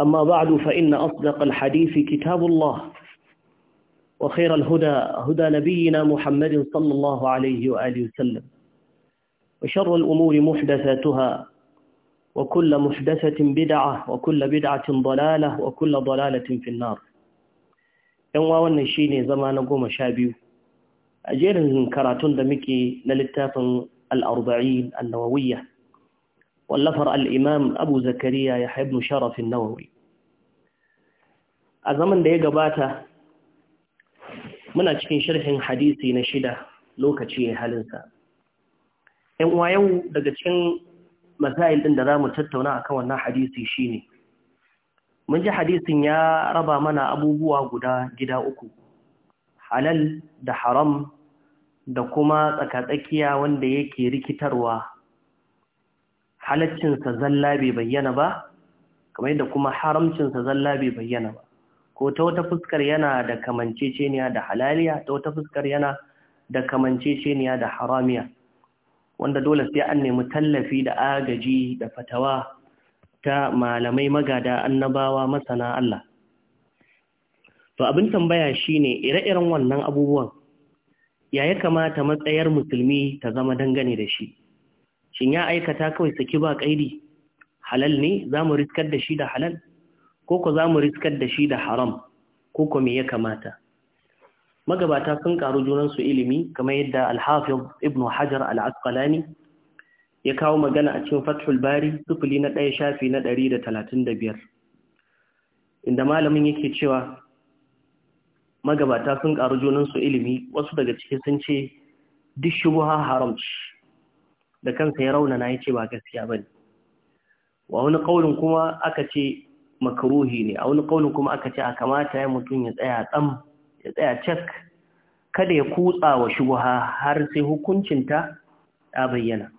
أما بعد فإن أصدق الحديث كتاب الله وخير الهدى هدى نبينا محمد صلى الله عليه وآله وسلم وشر الأمور محدثاتها وكل محدثة بدعة وكل بدعة ضلالة وكل ضلالة في النار ينوى والنشين زمان قوم شابيو أجير كراتون دمكي للتاف الأربعين النووية wallafar al'imam abu zakariya ya haibnu sharafin nawawi a zaman da ya gabata muna cikin sharhin hadisi na shida lokaci ya halinsa ‘yan uwa yau daga cikin masail ɗin da za mu tattauna a kan wannan hadisi shi ne mun ji hadisin ya raba mana abubuwa guda gida uku halal da haram da kuma tsakatsakiya wanda yake rikitarwa halaccinsa zalla bai bayyana ba kamar yadda kuma haramcinsa zalla bai bayyana ba ko ta wata fuskar yana da kamanceceniya da halaliya ta wata fuskar yana da kamanceceniya da haramiya wanda dole sai an nemi tallafi da agaji da fatawa ta malamai magada annabawa masana Allah to abin tambaya shine ire-iren wannan abubuwan ya ya kamata matsayar musulmi ta zama dangane da shi shin ya aikata kawai saki ba kaidi halal ne za mu riskar da shi da halal ko ko za mu riskar da shi da haram ko ko me ya kamata magabata sun karu junansu ilimi kamar yadda alhafiz ibn hajar al-asqalani ya kawo magana a cikin fathul bari sufuli na ɗaya shafi na ɗari da talatin da biyar inda malamin yake cewa magabata sun ƙaru junansu ilimi wasu daga ciki sun ce duk shubuha haram ce da kansa ya na ya ce ba gaskiya ba ne wa wani ƙaunin kuma aka ce makaruhi ne a wani ƙaunin kuma aka ce a kamata ya mutum ya tsaya tsam ya tsaya cak kada ya kutsa wa shubuha har sai hukuncinta ta bayyana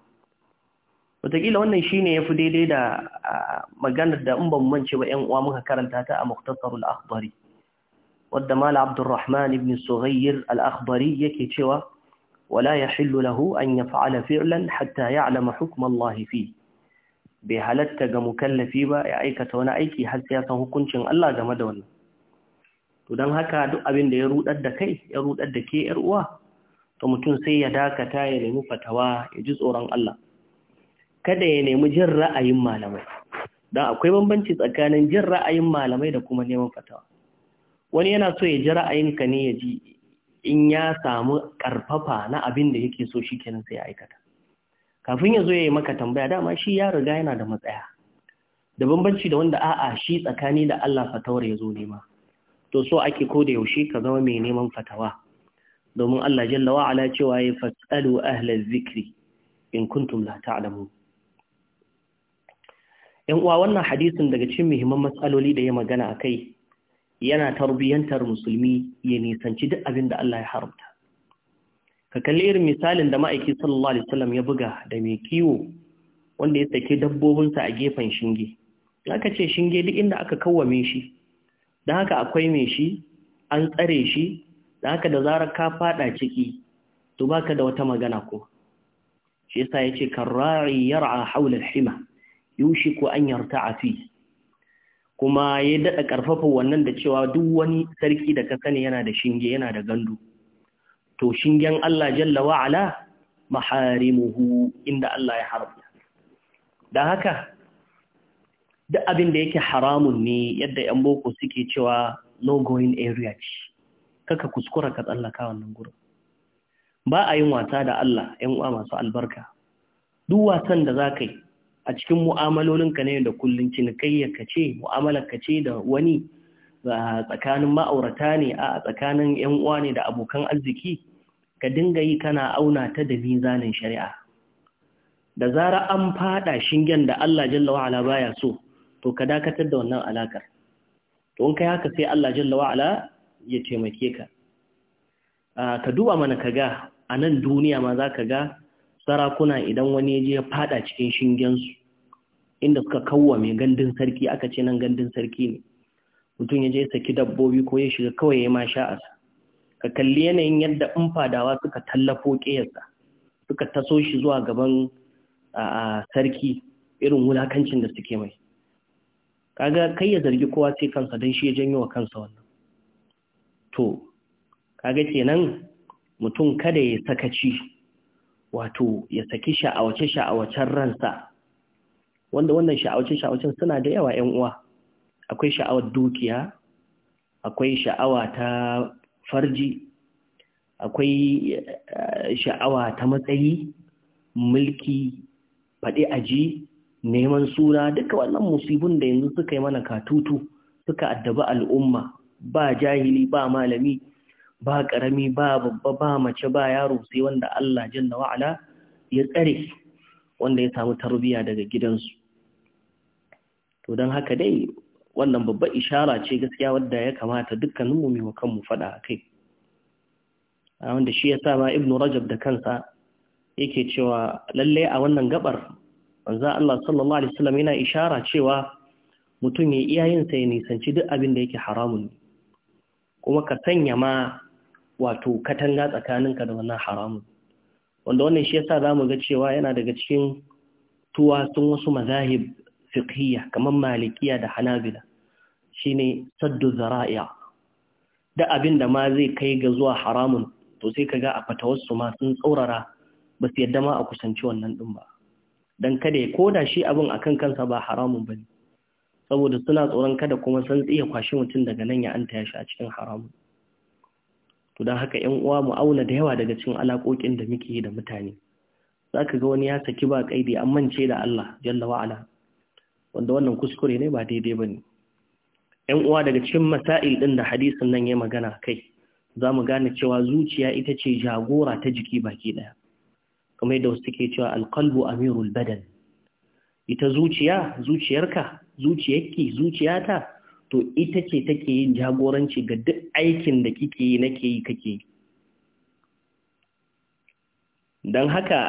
wataƙila wannan shi ne ya fi daidai da maganar da in ban mance ba ‘yan uwa muka karanta ta a muktasarul akhbari wadda mala abdurrahman ibn suhayyar al-akhbari yake cewa ولا يحل له أن يفعل فعلا حتى يعلم حكم الله فيه bai halarta ga mukallafi ba ya aikata wani aiki har sai ya san hukuncin Allah game da wannan to don haka duk abin da ya rudar da kai ya rudar da ke yar uwa to mutum sai ya dakata ya nemi fatawa ya ji tsoron Allah kada ya nemi jin ra'ayin malamai Dan akwai bambanci tsakanin jin ra'ayin malamai da kuma neman fatawa wani yana so ya ji ra'ayinka ne ya ji in ya samu karfafa na abin da yake so shikenan sai ya aikata kafin ya zo ya yi maka tambaya dama shi ya riga yana da matsaya da bambanci da wanda a'a shi tsakani da Allah fatawar ya zo nema to so ake ko da yaushe ka zama mai neman fatawa domin Allah jalla wa ala cewa ya fasalu ahlal zikri in kuntum la ta'lamun yan uwa wannan hadisin daga cikin muhimman matsaloli da ya magana akai yana tarbiyantar musulmi ya nisanci duk abin da Allah ya haramta ka kalli irin misalin da ma'aiki sallallahu alaihi wasallam ya buga da mai kiwo wanda ya sake dabbobinsa a gefen shinge aka ce shinge duk inda aka kawwame shi don haka akwai mai shi an tsare shi da haka da zarar ka faɗa ciki to baka da wata magana ko shi yasa ya ce karra'i yar'a a haular hima yushiku an yarta'a fi kuma ya daɗa ƙarfafa wannan da cewa duk wani sarki da ka sani yana da shinge yana da gandu to shingen Allah jalla wa'ala maharimuhu inda Allah ya haramta da haka duk abin da yake haramun ne yadda ‘yan boko suke cewa no going area ce kaka kuskura ka tsallaka wannan gurin ba a yin wata da Allah ‘yan uwa masu albarka duk wasan da za ka yi a cikin mu'amalolinka ne da kullum cinikayyarka ce mu'amalar ka ce da wani tsakanin ma'aurata ne a tsakanin yan uwa ne da abokan arziki ka dinga yi kana auna ta da mizanin shari'a da zara an fada shingen da Allah jalla wa baya so to ka dakatar da wannan alakar to in kai haka sai Allah jalla wa ala ya taimake ka ka duba mana kaga a nan duniya ma za ka ga sarakuna idan wani ya je ya fada cikin su inda suka mai gandun sarki aka ce nan gandun sarki ne mutum ya je ya saki dabbobi ko ya shiga kawai ya ma sha'asa ka kalli yanayin yadda in fadawa suka tallafo ƙeyarsa suka taso shi zuwa gaban a sarki irin wulakancin da suke mai kaga kai ya zargi kowa sai kansa don shi ya janyo wa kansa wannan to kaga kenan mutum kada ya sakaci wato ya saki sha'awace-sha'awacen ransa wanda wannan sha'awace-sha'awacen suna da yawa 'yan uwa akwai sha'awar dukiya akwai sha'awa ta farji akwai eh, sha'awa ta matsayi mulki faɗi aji neman suna duka wannan musibin da yanzu suka yi mana katutu suka addabi al'umma ba jahili ba malami ba ƙarami ba babba ba mace ba yaro sai wanda Allah jalla wa'ala ya tsare wanda ya samu tarbiyya daga gidansu to don haka dai wannan babba ishara ce gaskiya wadda ya kamata mu mai kanmu faɗa kai a wanda shi yasa ma ibnu rajab da kansa yake cewa lalle a wannan gabar manzo Allah sallallahu alaihi wasallam yana ishara cewa mutum ya iyayensa ya nisanci duk abin da yake haramun kuma ka sanya ma wato katanga tsakaninka da wannan haramun wanda wannan shi yasa zamu ga cewa yana daga cikin tuwa sun wasu mazahib fiqhiyya kamar malikiya da hanabila shine saddu zara'i'a da abin da ma zai kai ga zuwa haramun to sai kaga a fatawarsu ma sun tsaurara ba su yadda ma a kusanci wannan din ba dan kada ya koda shi abin akan kansa ba haramun bane saboda suna tsoron kada kuma san tsiya kwashi mutum daga nan ya anta ya shi a cikin haramun to don haka ‘yan uwa mu auna da yawa daga cikin alaƙoƙin da muke da mutane za ka ga wani ya saki ba kaidi an mance da Allah jalla wa'ala wanda wannan kuskure ne ba daidai ba ne ‘yan uwa daga cikin masail ɗin da hadisin nan ya magana kai za mu gane cewa zuciya ita ce jagora ta jiki baki ɗaya kamar yadda wasu suke cewa alƙalbu amirul badal ita zuciya zuciyarka zuciyarki zuciyata to ita ce take yin jagoranci ga duk aikin da kike yi nake yi kake don haka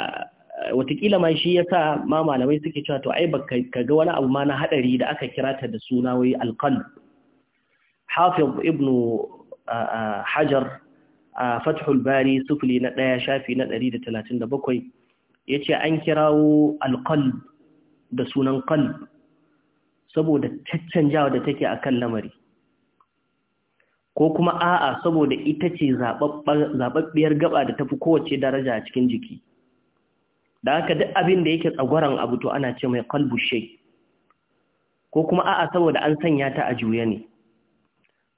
eh, watakila ma shi ya sa ma malamai suke cewa to ai ba ka ga wani abu ma na haɗari da aka kira ta da suna wai alƙal hafiz ibnu eh, eh, hajar a fathul bari sufuli na ɗaya shafi na ɗari da talatin da bakwai ya ce an kirawo alƙal da sunan ƙal saboda caccanjawa da take akan lamari ko kuma a'a saboda ita ce zababbiyar gaba da tafi kowace daraja a cikin jiki da haka duk abin da yake tsagwaron abu to ana ce mai kalbu shai ko kuma a'a saboda an sanya ta a juya ne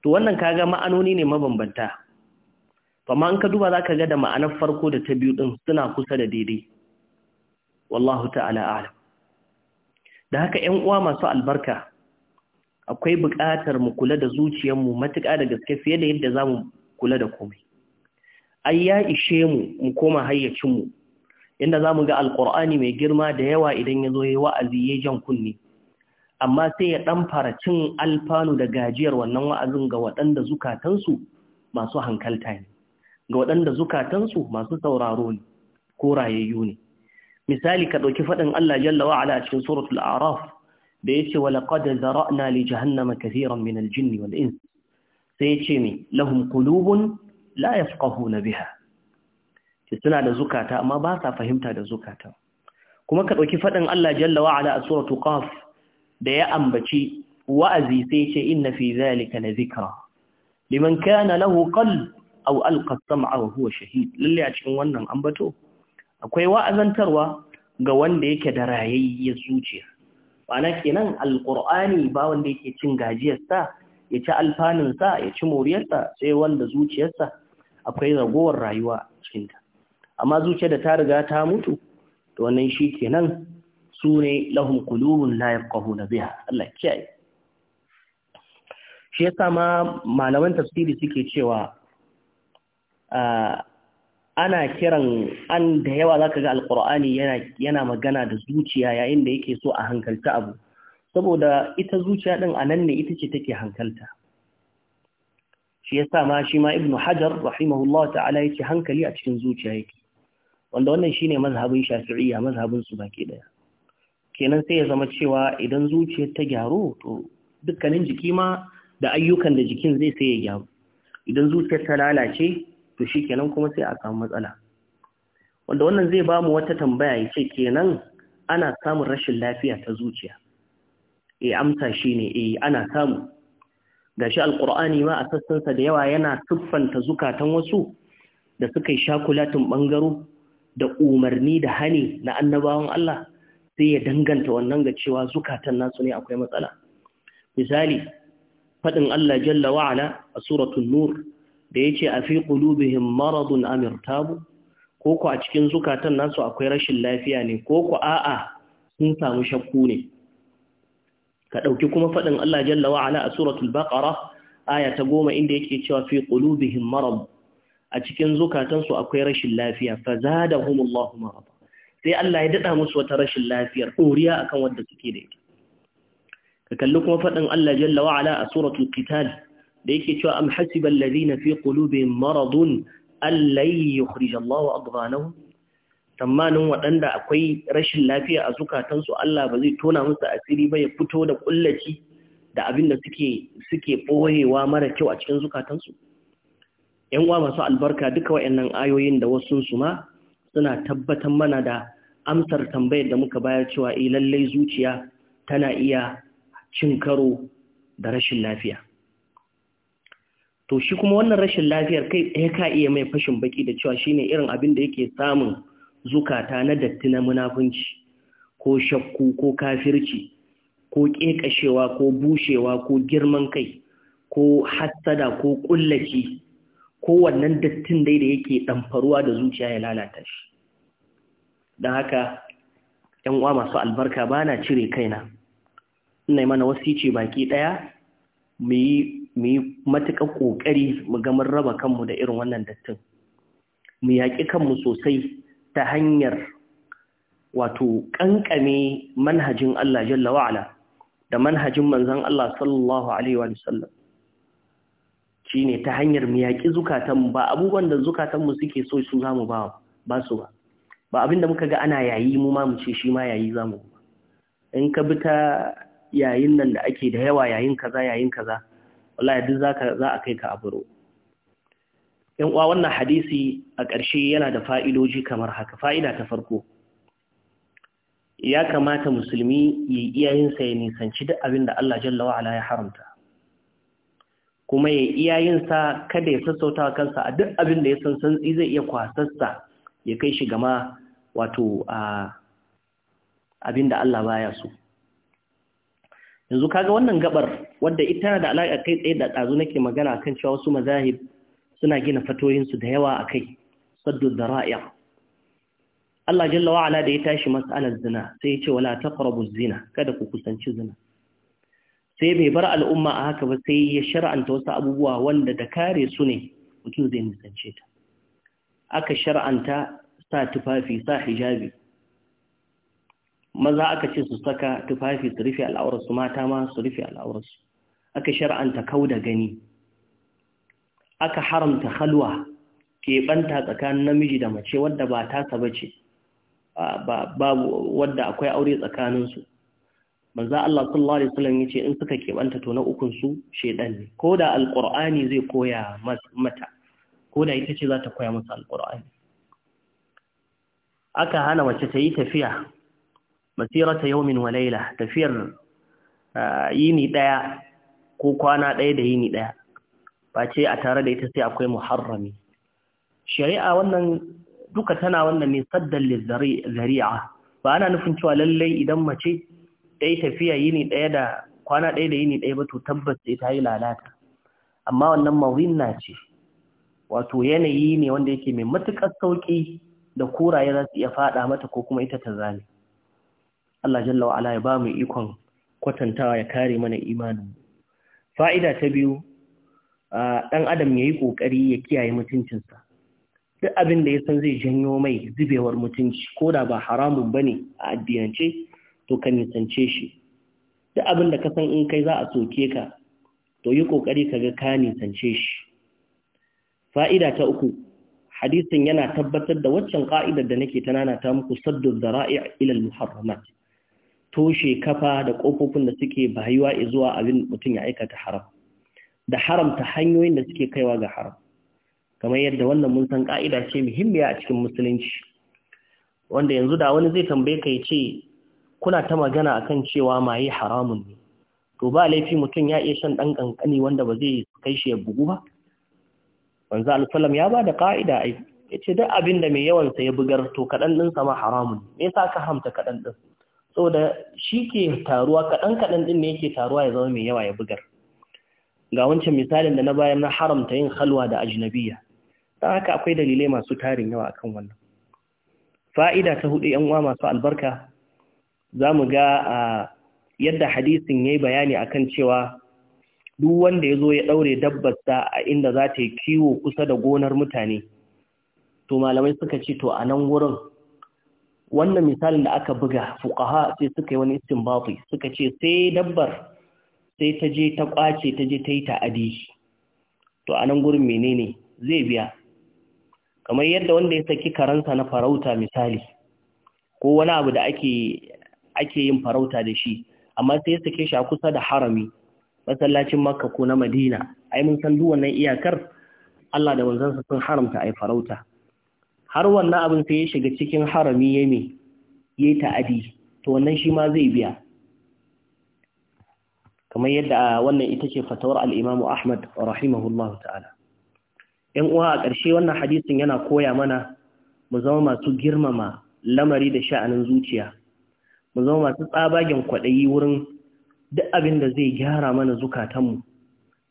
to wannan kaga ma'anoni ne mabambanta amma an ka duba za ka ga da ma'anar farko da ta biyu din suna kusa da daidai wallahu ta'ala alam da haka ‘yan uwa masu albarka akwai buƙatar mu kula da zuciyarmu matuƙa da gaske fiye da yadda za mu kula da komai ai ya ishe mu mu koma hayyacinmu inda za mu ga alƙur'ani mai girma da yawa idan ya zo ya wa'azi ya jan kunne amma sai ya ɗan fara cin alfanu da gajiyar wannan wa'azin ga waɗanda zukatansu masu hankalta ne ga waɗanda zukatansu masu sauraro ne ko rayayyu ne misali ka ɗauki faɗin Allah jalla wa ala cikin suratul araf da yace wa laqad zara'na li jahannama katiran min al-jinni wal ins sai yace me lahum qulubun la yafqahuna biha suna da zukata amma ba sa fahimta da zukata kuma ka ɗauki faɗin Allah jalla wa ala a suratul qaf da ya ambaci wa'azi sai yace inna fi zalika la dhikra liman kana lahu qalb aw alqa as-sam'a wa huwa shahid lalle a cikin wannan ambato akwai wa'azantarwa ga wanda yake da rayayyar zuciya ma'ana kenan alqur'ani ba wanda yake cin gajiyarsa ya ci alfanunsa ya ci moriyarsa sai wanda zuciyarsa akwai ragowar rayuwa a cikinta amma zuciya da ta riga ta mutu da wannan shi kenan su ne lahum qulubun la na biya Allah kiyaye shi yasa ma malaman tafsiri suke cewa ah, ana kiran an da yawa zaka ga alqur'ani yana magana da zuciya yayin da yake so a hankalta abu saboda ita zuciya din anan ne ita ce take hankalta shi yasa ma shi ma ibnu hajar rahimahullahu ta'ala yake hankali a cikin zuciya yake wanda wannan shine mazhabin shafi'iyya mazhabin su baki ɗaya. kenan sai ya zama cewa idan zuciyar ta gyaru to dukkanin jiki ma da ayyukan da jikin zai sai ya gyaru idan zuciyar ta lalace to shi kenan kuma sai a samu matsala wanda wannan zai ba mu wata tambaya ya ce kenan ana samun rashin lafiya ta zuciya e amsa shi ne e ana samu gashi alkur'ani ma a sassansa da yawa yana siffanta zukatan wasu da suka yi shakulatin ɓangaro da umarni da hani na annabawan Allah sai ya danganta wannan ga cewa zukatan nasu ne akwai matsala misali faɗin Allah jalla wa'ala a suratul nur da ya ce a fi qulubihim maradun am ko ku a cikin zukatan nasu akwai rashin lafiya ne ko ku a'a sun samu shakku ne ka ɗauki kuma faɗin Allah jalla wa ala a suratul baqara aya ta goma inda yake cewa fi qulubihim marad a cikin zukatansu akwai rashin lafiya fazadahumullahu marad sai Allah ya daɗa musu wata rashin lafiyar doriya akan wanda suke da ita ka kalli kuma faɗin Allah jalla wa ala a suratul qital da yake cewa am hasiba ladina fi qulubihim maradun allai yukhrij Allah adghanahum tamanin waɗanda akwai rashin lafiya a zukatansu Allah ba zai tona musu asiri ba ya fito da kullaci da abin da suke suke boyewa mara kyau a cikin zukatansu Yan uwa masu albarka duka waɗannan ayoyin da wasu su ma suna tabbatar mana da amsar tambayar da muka bayar cewa eh lallai zuciya tana iya cin karo da rashin lafiya to shi kuma wannan rashin lafiyar kai ɗaya ka iya mai fashin baki da cewa shine irin abin da yake samun zukata na datti na munafunci ko shakku ko kafirci ko ƙeƙashewa ko bushewa ko girman kai ko hassada ko ƙullaci ko wannan dattin dai da yake ɗamfaruwa da zuciya ya lalata shi don haka ‘yan uwa masu albarka ba na cire kaina ina mana wasu ce baki ɗaya mu yi matuƙar ƙoƙari mu ga mun raba kanmu da irin wannan dattin mu yaƙi kanmu sosai ta hanyar wato ƙanƙame manhajin Allah jalla wa'ala da manhajin manzan Allah sallallahu alaihi wa sallam shine ta hanyar mu yaƙi zukatanmu ba abubuwan da zukatanmu suke so su zamu ba ba su ba ba abinda muka ga ana yayi mu ma mu ce shi ma yayi zamu in ka bi ta yayin nan da ake da yawa yayin kaza yayin kaza wallahi duk zaka za a kai ka aburo yan uwa wannan hadisi a ƙarshe yana da fa'idoji kamar haka fa'ida ta farko ya kamata musulmi ya iyayensa ya nisanci duk abin da Allah jalla wa ala ya haramta kuma ya sa kada ya sassauta kansa a duk abin da ya san santsi zai iya kwasassa ya kai shi gama wato abin da Allah baya so yanzu kaga wannan gabar wadda ita da alaƙa kai tsaye da ɗazu nake magana kan cewa wasu mazahib suna gina fatoyinsu da yawa a kai saddu da Allah jalla wa'ala da ya tashi mas'alar zina sai ya ce wala taqrabu zina kada ku kusanci zina sai bai bar al'umma a haka ba sai ya shar'anta wasu abubuwa wanda da kare su ne mutum zai nisance ta aka shar'anta sa tufafi sa hijabi maza aka ce su saka tufafi su rufe al'aurarsu mata ma su rufe al'aurarsu aka shar'anta kau da gani aka haramta halwa keɓanta tsakanin namiji da mace wadda ba ta saba ce babu wadda akwai aure tsakaninsu manzo Allah sallallahu alaihi wasallam yace in suka kebanta to na ukun su ne. ne koda alqur'ani zai koya mata koda ita ce za ta koya masa alqur'ani aka hana mace ta yi tafiya basirata yaumin wa walaila tafiyar yini ɗaya ko kwana ɗaya da yini ɗaya? ba ce a tare da ita sai akwai muharrami shari'a wannan duka tana wannan ne saddan zari'a ba ana nufin cewa lallai idan mace ɗaya tafiya yini ɗaya da kwana ɗaya da yini ɗaya ba to tabbas sai ta yi lalata amma wannan na ce wato yanayi ne wanda yake mai matuƙar sauƙi da kuraye za su iya faɗa mata ko kuma ita ta zane Allah jalla wa ala ya ba mu ikon kwatantawa ya kare mana imanin fa'ida ta biyu ɗan adam yayi yi ya kiyaye mutuncinsa duk abin da ya san zai janyo mai zubewar mutunci ko da ba haramun ba ne a addinance to kan nisance shi duk abin da ka san in kai za a soke ka to yi ƙoƙari ka ga ka nisance shi fa'ida ta uku hadisin yana tabbatar da waccan ƙa'idar da nake ta nanata muku saddu zara'i al muharramat toshe kafa da ƙofofin da suke bayuwa zuwa abin mutum ya aikata haram da haramta hanyoyin da suke kaiwa ga haram kamar yadda wannan mun san ka'ida ce muhimmiya a cikin musulunci wanda yanzu da wani zai tambaye ka ce kuna ta magana akan cewa maye haramun ne to ba laifi mutum ya iya shan ɗan ƙanƙani wanda ba zai kai shi ya bugu ba wanzu alfalam ya ba da ka'ida ai ya ce duk abin da mai yawansa ya bugar to kaɗan ɗinsa ma haramun ne me yasa ka hamta kaɗan ɗinsa saboda shi ke taruwa kaɗan-kaɗan ɗin ne yake taruwa ya zama mai yawa ya bugar ga wancan misalin da na bayan na haramta yin halwa da ajinabiya ta haka akwai dalilai masu tarin yawa akan wannan fa'ida ta hudu yan uwa masu albarka za mu ga a yadda hadisin ya yi bayani akan cewa duk wanda ya zo ya ɗaure dabbarsa a inda za ta yi kiwo kusa da gonar mutane to malamai suka ce to a nan wurin wannan misalin da aka buga fuqaha sai suka yi wani istinbati suka ce sai dabbar sai ta je ta kwace ta je ta yi ta'adi to anan gurin menene zai biya kamar yadda wanda ya saki karansa na farauta misali ko wani abu da ake ake yin farauta da shi amma sai ya sake shi a kusa da harami masallacin makka ko na madina ai mun san duk wannan iyakar Allah da manzansa sun haramta ai farauta har wannan abin sai ya shiga cikin harami ya mai ya ta'adi to wannan shi ma zai biya kamar yadda ah, wannan ita ce fatawar al'imamu Ahmad rahimahullahu ta'ala. ‘Yan uwa a ƙarshe wannan hadisin yana koya mana mu zama masu girmama lamari da sha'anin zuciya, mu zama masu tsabagen kwaɗayi wurin duk abin da zai gyara mana zukatanmu,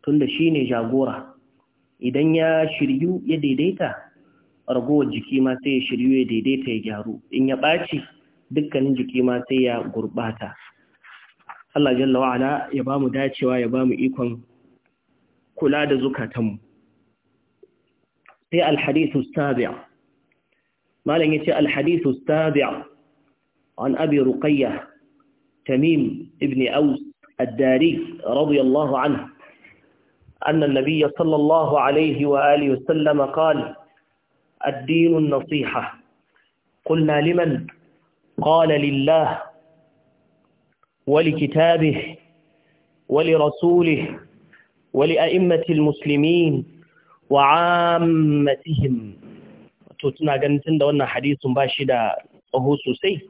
tun da shi ne jagora, idan ya shiryu ya daidaita ragowar jiki ma sai ya shiryu ya daidaita ya gyaru in ya ɓaci dukkanin jiki ma sai ya gurɓata Allah jalla wa'ala ya ba mu dacewa ya ba mu ikon kula da zukatanmu sai alhadithu sabi'a malam yace alhadithu sabi'a an abi ruqayyah tamim ibn aus الداري رضي الله عنه أن sallallahu صلى wa عليه وآله وسلم الدين النصيحة قلنا لمن قال لله ولكتابه ولرسوله ولأئمة المسلمين وعامتهم to tuna ganin tunda wannan hadisin ba shi da tsaho sosai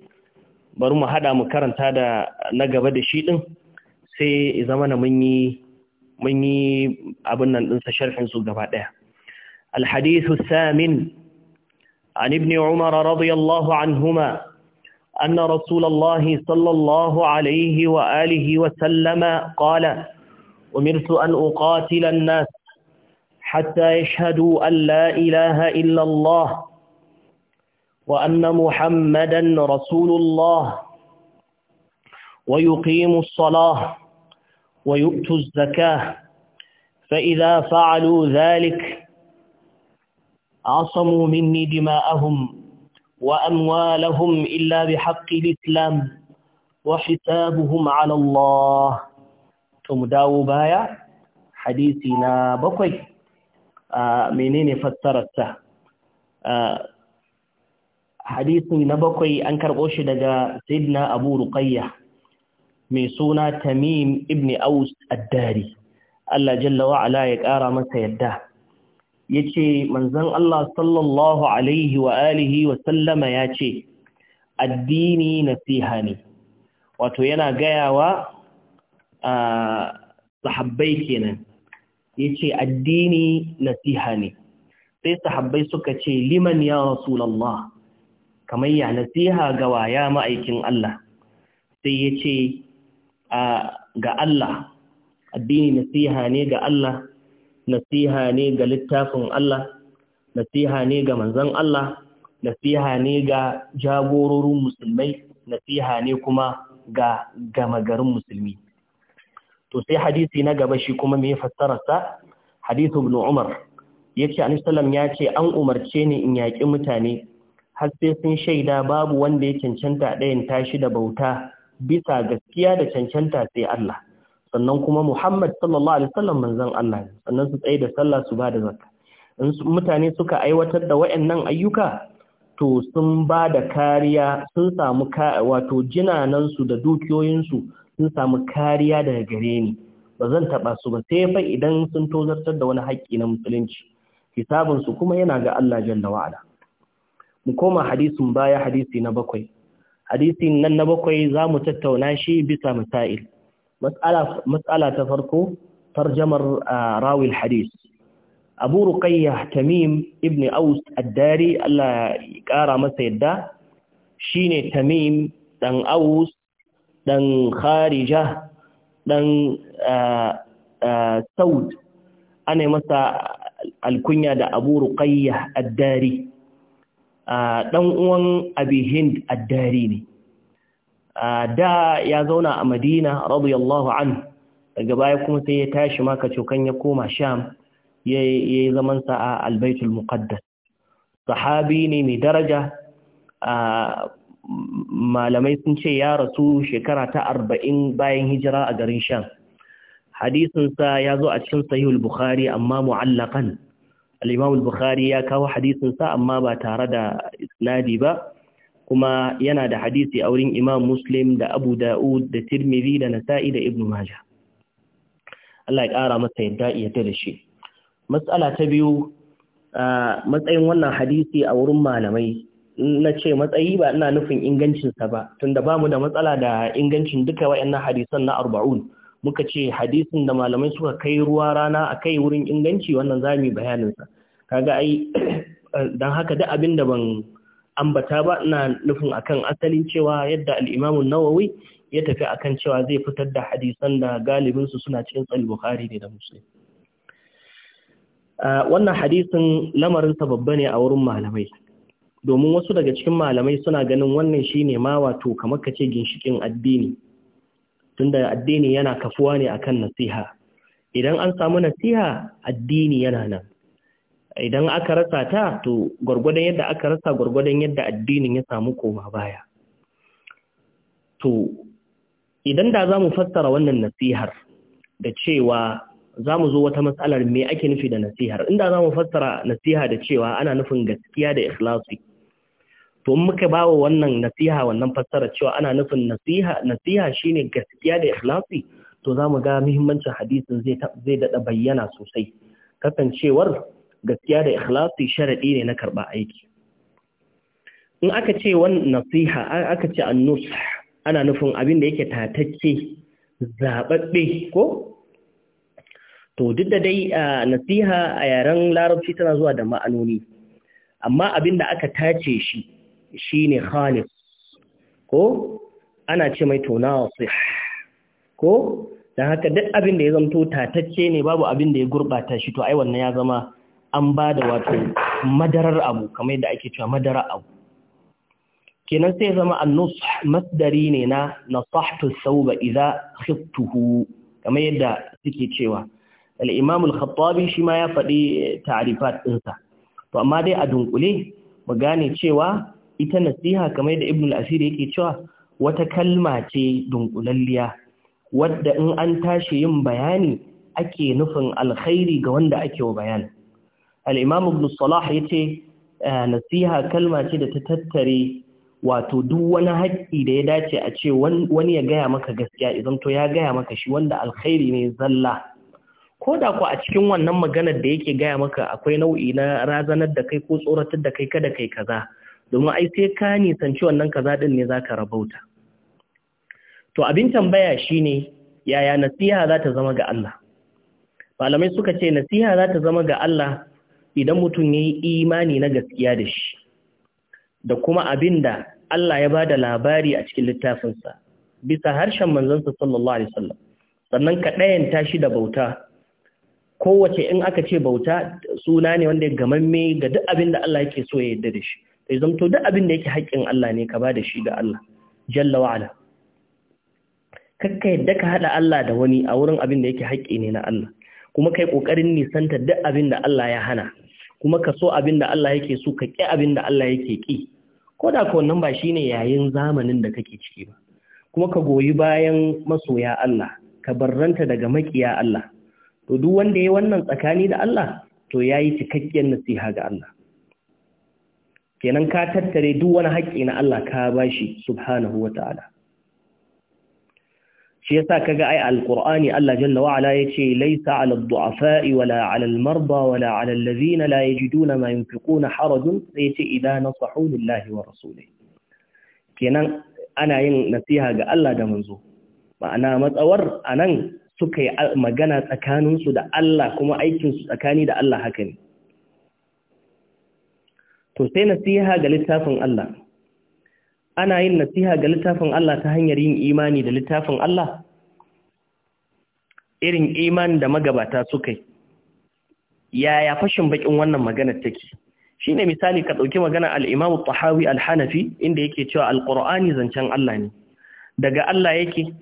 bari mu haɗa mu karanta da na gaba da shi ɗin, sai zama na mun yi abin nan ɗinsa sharhin su gaba ɗaya الحديث الثامن عن ابن عمر رضي الله عنهما أن رسول الله صلى الله عليه وآله وسلم قال أمرت أن أقاتل الناس حتى يشهدوا أن لا إله إلا الله وأن محمدا رسول الله ويقيموا الصلاة ويؤتوا الزكاة فإذا فعلوا ذلك عصموا مني دماءهم وأموالهم إلا بحق الإسلام وحسابهم على الله ثم داو بايا حديثنا بقي آه منين فسرته آه حديثنا بقي أنكر بوش دقا سيدنا أبو رقية من سونا تميم ابن أوس الداري الله جل وعلا يكارى ما سيده yace manzon Allah sallallahu alaihi wa alihi wa sallama yace addini nasiha ne wato yana gayawa a sahabbai kenan yace addini nasiha ne sai sahabbai suka ce liman ya rasulullah kamar ya nasiha ga waya ma'aikin Allah sai yace ga Allah addini nasiha ne ga Allah nasiha ne ga littafin Allah nasiha ne ga manzon Allah nasiha ne ga jagororin musulmai nasiha ne kuma ga gama garin musulmi to sai hadisi na gaba shi kuma me fassararsa Hadisu ibn Umar yace annabi ya ce an umarce ni in yaki mutane har sai sun shaida babu wanda ya cancanta ɗayan tashi da bauta bisa gaskiya da cancanta sai Allah sannan kuma Muhammad sallallahu alaihi wasallam manzon Allah ne sannan su tsaye da sallah su ba da zakka in mutane suka aiwatar da wayannan ayyuka to sun ba da kariya sun samu wato jinanan su da dukiyoyin su sun samu kariya daga gare ni ba zan taba su ba sai fa idan sun tozartar da wani haƙƙi na musulunci hisabinsu kuma yana ga Allah jalla wa mu koma hadisin baya hadisi na bakwai hadisin nan na bakwai za mu tattauna shi bisa misa'il matsala ta farko tarjamar rawil hadis abu ruqayyah tamim ibn aus addari, Allah ya kara masa yadda shine tamim dan aus dan kharija dan saud ana masa alkunya da abu ruqayyah addari dari dan uwan abi hind ad ne da ya zauna a madina radiyallahu an daga baya kuma sai ya tashi maka cokan ya koma sham ya yi zamansa a albaitul muqaddas sahabi ne mai daraja malamai sun ce ya rasu shekara ta arba'in bayan hijira a garin sham hadisinsa ya zo a cikin sahihul bukhari amma mu'allakan al-imam al-bukhari ya kawo hadisinsa amma ba tare da isnadi ba kuma yana da hadisi a wurin imam muslim da abu da'ud da tirmidhi da nasa'i da ibn maja Allah ya ƙara masa yadda ta da shi matsala ta biyu matsayin wannan hadisi a wurin malamai na ce matsayi ba ina nufin ingancinsa ba tunda bamu da matsala da ingancin duka wayannan hadisan na arba'un muka ce hadisin da malamai suka kai ruwa rana a kai wurin inganci wannan za mu yi bayaninsa kaga ai don haka duk abin da ban ambata ba ina nufin akan asalin cewa yadda al'imamun nawawi ya tafi akan cewa zai fitar da hadisan da galibinsu suna cikin tsali Bukhari ne da Muslim. Ah, wannan hadisin lamarinsa babba ne a wurin malamai, domin wasu daga cikin malamai suna ganin wannan shi ne ma wato kamar kace ginshikin addini, tunda addini yana kafuwa ne akan nasiha. Idan an samu nasiha, addini yana nan. idan aka rasa ta to gwargwadon yadda aka rasa gwargwadon yadda addinin ya samu koma baya to idan da za mu fassara wannan nasihar da cewa za mu zo wata matsalar me ake nufi da nasihar inda za mu fassara nasiha da cewa ana nufin gaskiya da ikhlasi to in muka bawa wannan nasiha wannan fassara cewa ana nufin nasiha nasiha shine gaskiya da ikhlasi to za mu ga muhimmancin hadisin zai zai dada bayyana sosai kasancewar gaskiya da ikhlasi sharadi ne na karba aiki in aka ce wan nasiha aka ce annus ana nufin abin da yake tatacce zababbe ko to duk da dai nasiha a yaren larabci tana zuwa da ma'anoni amma abin da aka tace shi shine khalis ko ana ce mai to nasih ko dan haka duk abin da ya zanto tatacce ne babu abin da ya gurbata shi to ai wannan ya zama an ba da wato madarar abu kamar yadda ake cewa madarar abu kenan sai zama annus masdari ne na nasahtu sauba idza khiftuhu kamar yadda suke cewa al-imam al-khattabi shi ma ya faɗi ta'rifat ɗinsa to amma dai a dunkule mu gane cewa ita nasiha kamar yadda ibn al-asir yake cewa wata kalma ce dunkulalliya wadda in an tashi yin bayani ake nufin alkhairi ga wanda ake wa bayani al'imam ibn salah ya ce eh, nasiha kalma ce da ta tattare wato duk wani haƙƙi da ya dace a ce wani ya gaya maka gaskiya idan to ya gaya maka shi wanda alkhairi ne zalla ko da ku a cikin wannan maganar da yake gaya maka akwai nau'i na razanar da kai ko tsoratar da kai kada kai kaza domin ai sai ka nisanci wannan kaza din ne zaka rabauta to abin tambaya shine yaya nasiha za ta zama ga Allah malamai suka ce nasiha za ta zama ga Allah idan mutum ya yi imani na gaskiya da shi da kuma abin da Allah ya ba da labari a cikin littafinsa bisa harshen manzansa sallallahu alaihi wasallam sannan ka ɗayanta shi da bauta kowace in aka ce bauta suna ne wanda ya gamamme ga duk abin da Allah yake so ya yadda da shi sai zamto duk abin da yake haƙƙin Allah ne ka ba da shi ga Allah jalla wa'ala kakka yadda ka haɗa Allah da wani a wurin abin da yake haƙƙi ne na Allah kuma kai ƙoƙarin nisanta duk abin da Allah ya hana kuma ka so abin da Allah yake so ka ƙi abin da Allah yake ƙi ko da ka wannan ba shine yayin zamanin da kake ciki ba kuma ka goyi bayan masoya Allah ka barranta daga maƙiya Allah to duk wanda yayi wannan tsakani da Allah to yayi cikakken nasiha ga Allah kenan ka tattare duk wani haƙƙi na Allah ka bashi subhanahu wataala shi yasa kaga ai alqur'ani Allah jalla wa ala yace laysa 'ala ad-du'afa'i wala 'ala al-marda wala 'ala alladhina la yajiduna ma yunfiquna harajun yace idan nasahu lillahi wa rasulihi kenan ana yin nasiha ga Allah da manzo ma'ana matsawar anan suka yi magana tsakaninsu da Allah kuma aikinsu tsakani da Allah haka ne to sai nasiha ga littafin Allah ana yin nasiha ga littafin Allah ta hanyar yin imani da littafin Allah irin imani da magabata suka yi yaya fashin bakin wannan maganar take ne misali ka ɗauki magana alimamu imam al hanafi inda yake cewa al zancen Allah ne daga Allah yake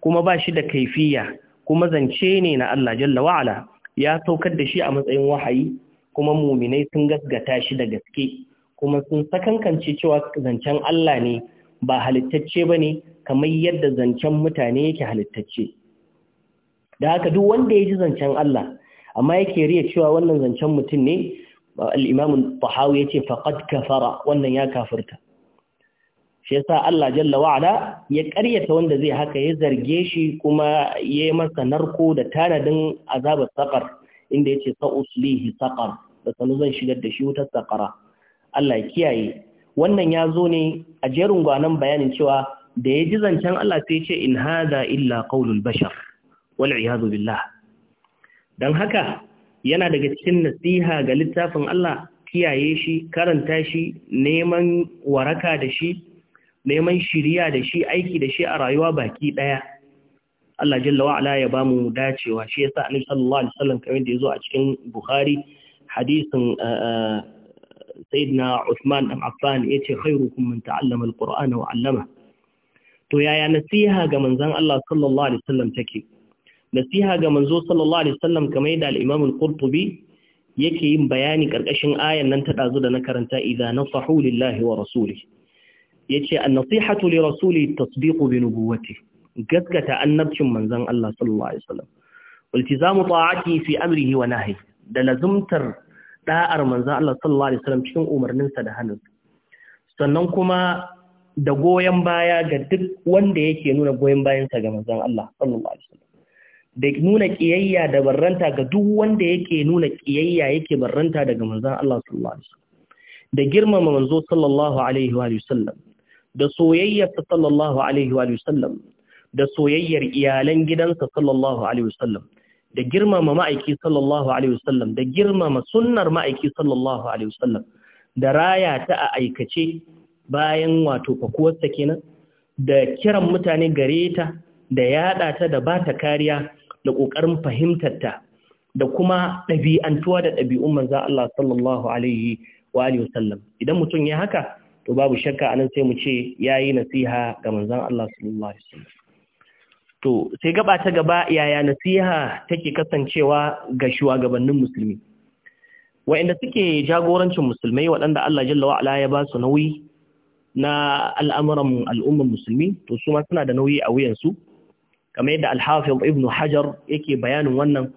kuma ba shi da kaifiya kuma zance ne na Allah jalla wa'ala ya saukar da shi a matsayin wahayi kuma muminai sun gasgata shi da gaske kuma sun sakankance cewa zancen Allah ne ba halittacce ba ne kamar yadda zancen mutane yake halittacce da haka duk wanda ya ji zancen Allah amma yake riya cewa wannan zancen mutum ne al'imamun fahawi ya ce faƙad kafara wannan ya kafirta shi yasa Allah jalla wa'ala ya ƙaryata wanda zai haka ya zarge shi kuma ya yi masa narko da tanadin azabar saƙar inda ya ce sa'uslihi saƙar da sanu zan shigar da shi wutar saƙara Allah ya kiyaye wannan ya zo ne a jerin gwanan bayanin cewa da ya ji zancen Allah sai ce in hada illa qaulul bashar wal iyadu billah dan haka yana daga cikin nasiha ga littafin Allah kiyaye shi karanta shi neman waraka da shi neman shiriya da shi aiki da shi a rayuwa baki daya Allah jalla wa ala ya bamu dacewa shi yasa annabi sallallahu alaihi wasallam kamar da yazo a cikin Bukhari hadisin eh, eh, sayyidina Usman dan Affan ce khairukum man ta'allama al wa 'allama to yaya nasiha ga manzan Allah sallallahu alaihi wasallam take nasiha ga manzo sallallahu alaihi wasallam kamar yadda al-Imam al yake yin bayani ƙarƙashin ayan nan ta dazu da na karanta idza nasahu lillahi wa ya ce an-nasihatu li rasulihi tasdiqu bi nubuwwatihi gaskata annabcin manzan Allah sallallahu alaihi wasallam iltizamu ta'ati fi amrihi wa nahi da lazumtar da'ar manzan Allah sallallahu alaihi wasallam cikin umarninsa da hannunsa sannan kuma da goyon baya ga duk wanda yake nuna goyon bayansa ga manzan Allah sallallahu alaihi wasallam da nuna ƙiyayya da barranta ga duk wanda yake nuna ƙiyayya yake barranta daga manzan Allah sallallahu alaihi wasallam da girmama manzo sallallahu alaihi wa sallam da soyayyar sallallahu alaihi wa sallam da soyayyar iyalan gidansa sallallahu alaihi wa sallam da girmama ma'aiki sallallahu alaihi wasallam da girmama sunnar ma'aiki sallallahu alaihi wasallam da raya ta a aikace bayan wato fakuwarsa kenan da kiran mutane gare ta da yada ta da ba ta kariya da ƙoƙarin fahimtar ta da kuma ɗabi'antuwa da ɗabi'un manza Allah sallallahu alaihi wa alihi wasallam idan mutum ya haka to babu shakka anan sai mu ce yayi nasiha ga manzan Allah sallallahu alaihi wasallam to sai gaba ta gaba yaya nasiha take kasancewa ga shugabannin musulmi wa'inda suke jagorancin musulmai waɗanda Allah jalla wa'ala ya ba su nauyi na al'amuran al'ummar musulmi to su ma suna da nauyi a wuyansu kamar yadda alhafiz ibn hajar yake bayanin wannan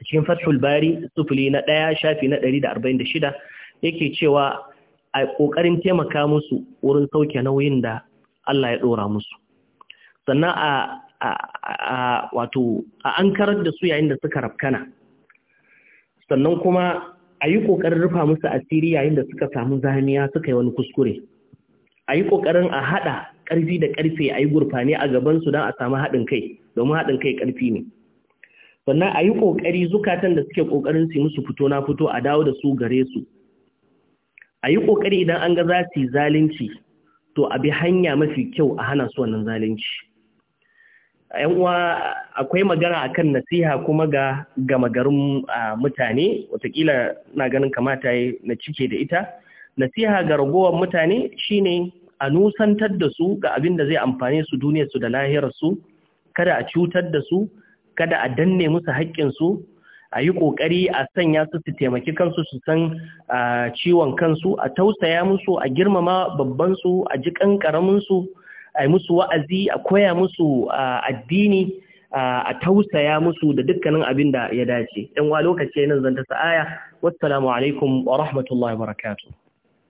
a cikin fathul bari sufuli na ɗaya shafi na ɗari da arba'in da shida yake cewa a ƙoƙarin taimaka musu wurin sauke nauyin da Allah ya ɗora musu sannan a wato a an karar da su yayin da suka rafkana sannan kuma a yi ƙoƙarin rufa musu asiri yayin da suka samu zamiya suka yi wani kuskure a yi ƙoƙarin a haɗa ƙarfi da ƙarfe a yi gurfani a gaban su don a samu haɗin kai domin haɗin kai ƙarfi ne sannan a yi ƙoƙari zukatan da suke ƙoƙarin su musu fito na fito a dawo da su gare su a yi ƙoƙari idan an ga za su yi zalunci to a bi hanya mafi kyau a hana su wannan zalunci yan uwa akwai magana akan nasiha kuma ga gama garin mutane watakila na ganin kamata ya na cike da ita nasiha ga ragowar mutane shine a nusantar da su ga abin da zai amfani su duniyar su da lahirar su kada a cutar da su kada a danne musu haƙƙin su a yi ƙoƙari a sanya su su taimaki kansu su san ciwon kansu a tausaya musu a girmama babbansu, a ji ƙanƙaramin a musu wa'azi a koya musu addini a tausaya musu da dukkanin abin da ya dace ɗan wa lokaci ya zan ta sa'aya wassalamu alaikum wa rahmatullahi wa barakatuh